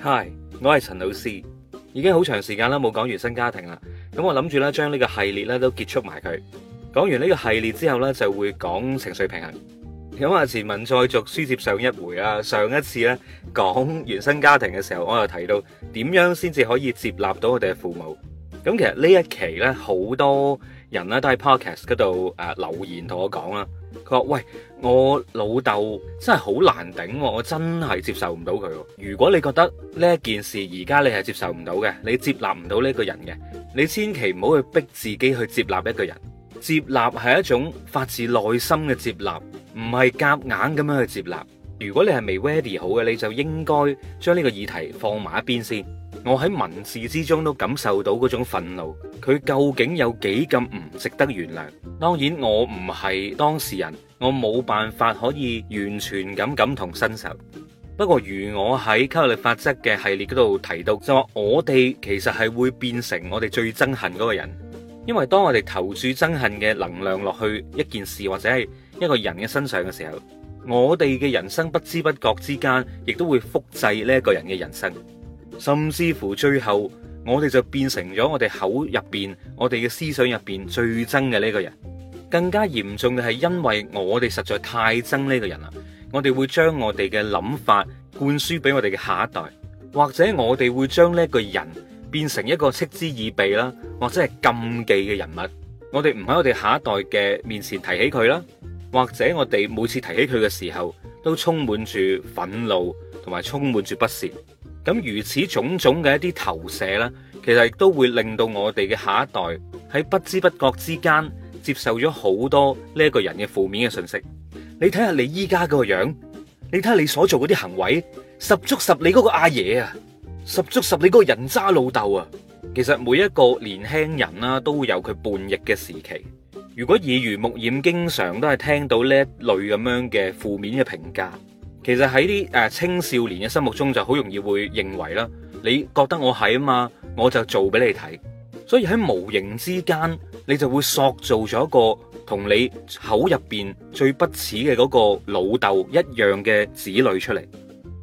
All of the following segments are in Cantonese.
Hi，我係陳老師，已經好長時間啦冇講原生家庭啦，咁、嗯、我諗住咧將呢個系列咧都結束埋佢，講完呢個系列之後咧就會講情緒平衡。咁、嗯、啊前文再續，書接上一回啊，上一次咧講原生家庭嘅時候，我又提到點樣先至可以接納到我哋嘅父母。咁、嗯、其實呢一期咧，好多人咧都喺 podcast 嗰度誒留言同我講啦。佢話：喂，我老豆真係好難頂喎，我真係接受唔到佢。如果你覺得呢一件事而家你係接受唔到嘅，你接納唔到呢個人嘅，你千祈唔好去逼自己去接納一個人。接納係一種發自內心嘅接納，唔係夾硬咁樣去接納。如果你係未 ready 好嘅，你就應該將呢個議題放埋一邊先。我喺文字之中都感受到嗰種憤怒，佢究竟有幾咁唔值得原諒？當然，我唔係當事人，我冇辦法可以完全咁感同身受。不過，如我喺吸引力法則嘅系列嗰度提到，就話我哋其實係會變成我哋最憎恨嗰個人，因為當我哋投注憎恨嘅能量落去一件事或者係一個人嘅身上嘅時候，我哋嘅人生不知不覺之間，亦都會複製呢一個人嘅人生。甚至乎最後，我哋就變成咗我哋口入邊、我哋嘅思想入邊最憎嘅呢個人。更加嚴重嘅係，因為我哋實在太憎呢個人啦，我哋會將我哋嘅諗法灌輸俾我哋嘅下一代，或者我哋會將呢一個人變成一個嗤之以鼻啦，或者係禁忌嘅人物。我哋唔喺我哋下一代嘅面前提起佢啦，或者我哋每次提起佢嘅時候，都充滿住憤怒同埋充滿住不屑。咁如此種種嘅一啲投射咧，其實亦都會令到我哋嘅下一代喺不知不覺之間接受咗好多呢一個人嘅負面嘅信息。你睇下你依家嗰個樣，你睇下你所做嗰啲行為，十足十你嗰個阿爺啊，十足十你個人渣老豆啊！其實每一個年輕人啦，都會有佢叛逆嘅時期。如果耳濡目染，經常都係聽到呢一類咁樣嘅負面嘅評價。其實喺啲誒青少年嘅心目中就好容易會認為啦，你覺得我係啊嘛，我就做俾你睇，所以喺無形之間，你就會塑造咗一個同你口入邊最不似嘅嗰個老豆一樣嘅子女出嚟，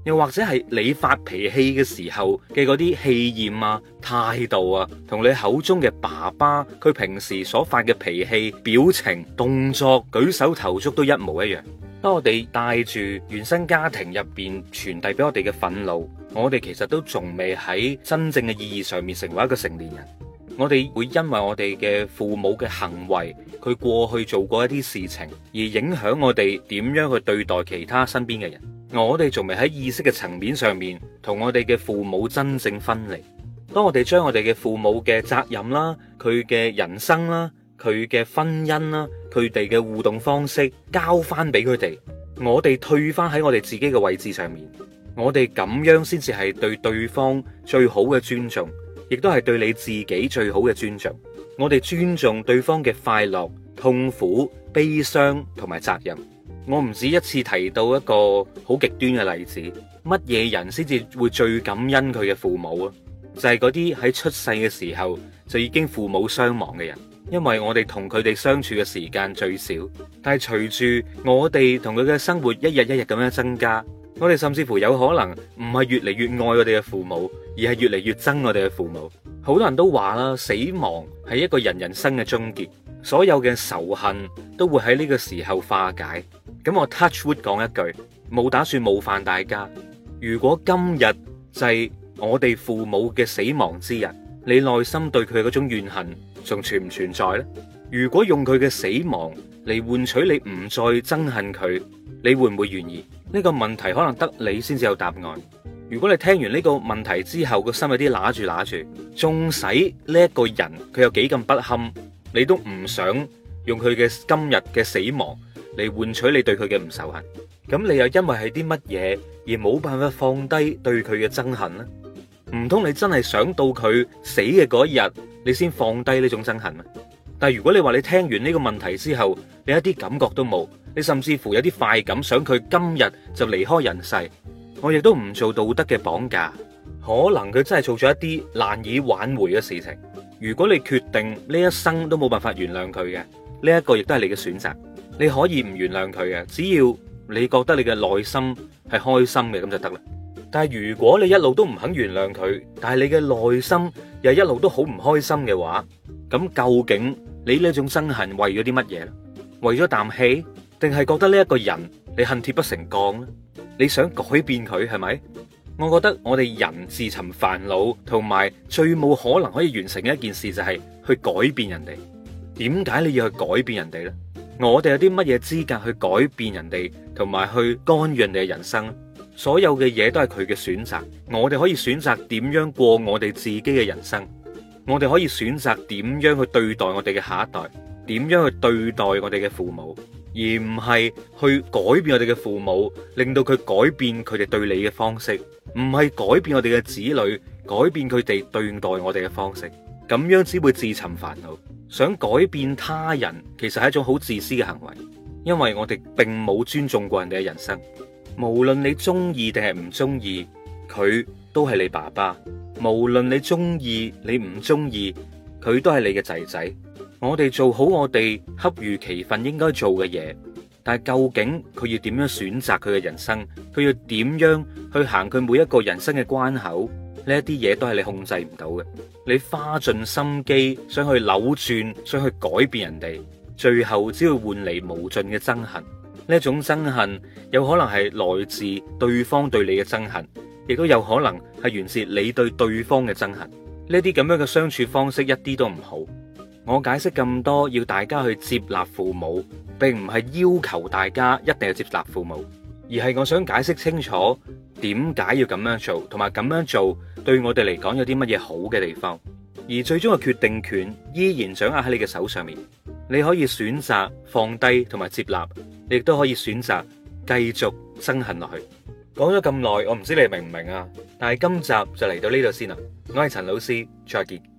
又或者係你發脾氣嘅時候嘅嗰啲氣焰啊、態度啊，同你口中嘅爸爸佢平時所發嘅脾氣、表情、動作、舉手投足都一模一樣。當我哋帶住原生家庭入邊傳遞俾我哋嘅憤怒，我哋其實都仲未喺真正嘅意義上面成為一個成年人。我哋會因為我哋嘅父母嘅行為，佢過去做過一啲事情，而影響我哋點樣去對待其他身邊嘅人。我哋仲未喺意識嘅層面上面同我哋嘅父母真正分離。當我哋將我哋嘅父母嘅責任啦，佢嘅人生啦。佢嘅婚姻啦，佢哋嘅互動方式，交翻俾佢哋，我哋退翻喺我哋自己嘅位置上面，我哋咁樣先至係對對方最好嘅尊重，亦都係對你自己最好嘅尊重。我哋尊重對方嘅快樂、痛苦、悲傷同埋責任。我唔止一次提到一個好極端嘅例子，乜嘢人先至會最感恩佢嘅父母啊？就係嗰啲喺出世嘅時候就已經父母雙亡嘅人。因為我哋同佢哋相處嘅時間最少，但係隨住我哋同佢嘅生活一日一日咁樣增加，我哋甚至乎有可能唔係越嚟越愛我哋嘅父母，而係越嚟越憎我哋嘅父母。好多人都話啦，死亡係一個人人生嘅終結，所有嘅仇恨都會喺呢個時候化解。咁我 Touchwood 講一句，冇打算冒犯大家。如果今日就係我哋父母嘅死亡之日，你內心對佢嗰種怨恨，仲存唔存在呢？如果用佢嘅死亡嚟換取你唔再憎恨佢，你會唔會願意？呢個問題可能得你先至有答案。如果你聽完呢個問題之後個心有啲揦住揦住，縱使呢一個人佢有幾咁不堪，你都唔想用佢嘅今日嘅死亡嚟換取你對佢嘅唔仇恨。咁你又因為係啲乜嘢而冇辦法放低對佢嘅憎恨呢？唔通你真係想到佢死嘅嗰一日，你先放低呢種憎恨啊？但係如果你話你聽完呢個問題之後，你一啲感覺都冇，你甚至乎有啲快感，想佢今日就離開人世，我亦都唔做道德嘅綁架。可能佢真係做咗一啲難以挽回嘅事情。如果你決定呢一生都冇辦法原諒佢嘅，呢一個亦都係你嘅選擇。你可以唔原諒佢嘅，只要你覺得你嘅內心係開心嘅，咁就得啦。但係如果你一路都唔肯原諒佢，但係你嘅內心又一路都好唔開心嘅話，咁究竟你呢種憎恨為咗啲乜嘢呢？為咗啖氣，定係覺得呢一個人你恨鐵不成鋼呢？你想改變佢係咪？我覺得我哋人自尋煩惱，同埋最冇可能可以完成一件事就係去改變人哋。點解你要去改變人哋呢？我哋有啲乜嘢資格去改變人哋，同埋去干預你嘅人生？所有嘅嘢都係佢嘅選擇，我哋可以選擇點樣過我哋自己嘅人生，我哋可以選擇點樣去對待我哋嘅下一代，點樣去對待我哋嘅父母，而唔係去改變我哋嘅父母，令到佢改變佢哋對你嘅方式，唔係改變我哋嘅子女，改變佢哋對待我哋嘅方式，咁樣只會自尋煩惱。想改變他人，其實係一種好自私嘅行為，因為我哋並冇尊重過人哋嘅人生。無論你中意定係唔中意，佢都係你爸爸。無論你中意你唔中意，佢都係你嘅仔仔。我哋做好我哋恰如其分應該做嘅嘢，但係究竟佢要點樣選擇佢嘅人生，佢要點樣去行佢每一個人生嘅關口，呢一啲嘢都係你控制唔到嘅。你花盡心機想去扭轉，想去改變人哋，最後只會換嚟無盡嘅憎恨。呢種憎恨，有可能係來自對方對你嘅憎恨，亦都有可能係源自你對對方嘅憎恨。呢啲咁樣嘅相處方式一啲都唔好。我解釋咁多，要大家去接納父母，並唔係要求大家一定要接納父母，而係我想解釋清楚點解要咁樣做，同埋咁樣做對我哋嚟講有啲乜嘢好嘅地方。而最終嘅決定權依然掌握喺你嘅手上面，你可以選擇放低同埋接納。你亦都可以選擇繼續憎恨落去。講咗咁耐，我唔知你明唔明啊？但係今集就嚟到呢度先啦。我係陳老師，再見。